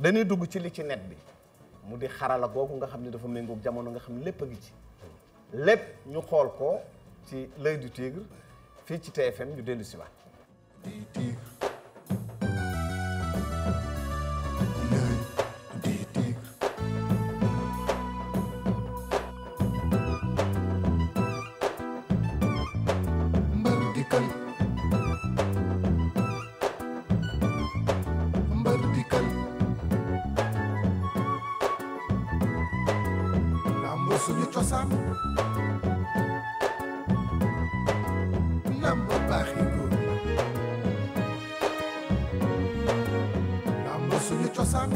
dañuy dugg ci li ci net bi mu di xarala googu nga xam ne dafa méngoog jamono nga xam lépp a ngi ci lépp ñu xool ko ci l'œil du tigre fii ci TFM ñu dellu si waat suñu cosaan lamb baaxi góor lamb suñu cosaan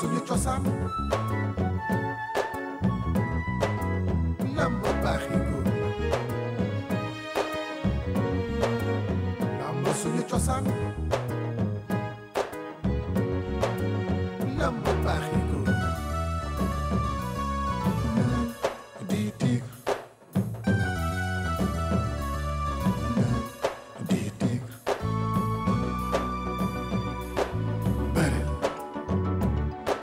suñu cosaan lamb baaxi góor lamb suñu cosaan